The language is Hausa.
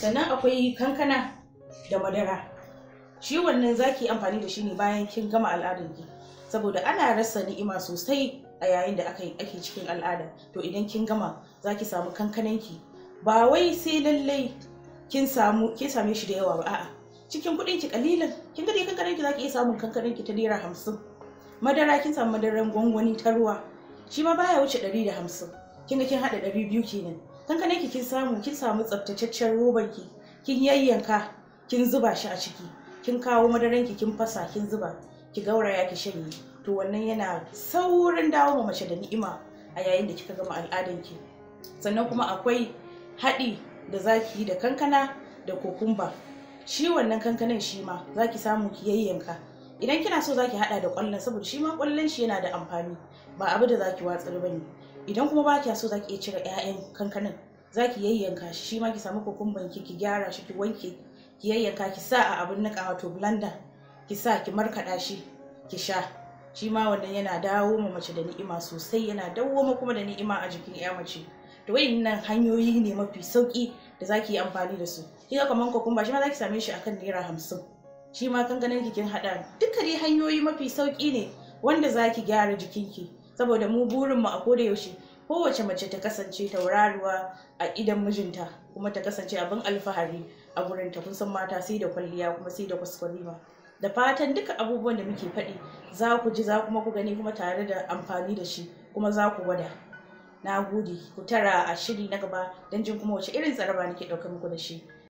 sannan akwai kankana da madara shi wannan zaki amfani da shi ne bayan kin gama al'adarki saboda ana rasa ni'ima sosai a yayin da ake cikin al'ada to idan kin gama zaki samu kankananki ba wai sai lallai kin samu kin same shi da yawa ba a'a cikin kuɗinki ki kalilan kin gani kankananki kankanan ki zaki iya samun kankanan ki ta naira hamsin madara kin samu madaran gwangwani ta ruwa shi ma baya wuce ɗari da hamsin kin ga kin haɗa ɗari biyu kenan kankane ki kin samu kin samu tsaftataccen roban ki kin yayyanka kin zuba shi a ciki kin kawo madaran ki kin fasa kin zuba ki gauraya ki shanye to wannan yana saurin dawo ma mace da ni'ima a yayin da kika gama al'adan ki sannan kuma akwai haɗi da zaki yi da kankana da kokumba shi wannan kankanan shi ma zaki samu ki yayyanka idan kina so zaki hada da kwallon saboda shi ma kwallon shi yana da amfani ba abu da zaki watsar bane idan kuma ba kya so za ki iya cire 'ya'yan kankanin za ki yayyanka shi shi ma ki samu kokumban ki ki gyara shi ki wanke ki yayyanka ki sa a abin nika wato blender ki sa ki markaɗa shi ki sha shi ma wannan yana dawo ma mace da ni'ima sosai yana dawo ma kuma da ni'ima a jikin 'ya mace to wayannan hanyoyi ne mafi sauki da za ki yi amfani da su kika kaman kokumba shi ma za ki same shi akan naira hamsin shi ma kankanin ki kin haɗa duka hanyoyi mafi sauki ne wanda za ki gyara jikinki saboda mu burinmu a koda yaushe kowace mace ta kasance tauraruwa a idan mijinta kuma ta kasance abin alfahari a gurin ta kun san mata sai da kwalliya kuma sai da kwaskwarima da fatan duka abubuwan da muke faɗi za ku ji za kuma ku gani kuma tare da amfani da shi kuma za ku gwada na gode ku tara a shiri na gaba don jin kuma wace irin tsaraba nake ɗaukar muku da shi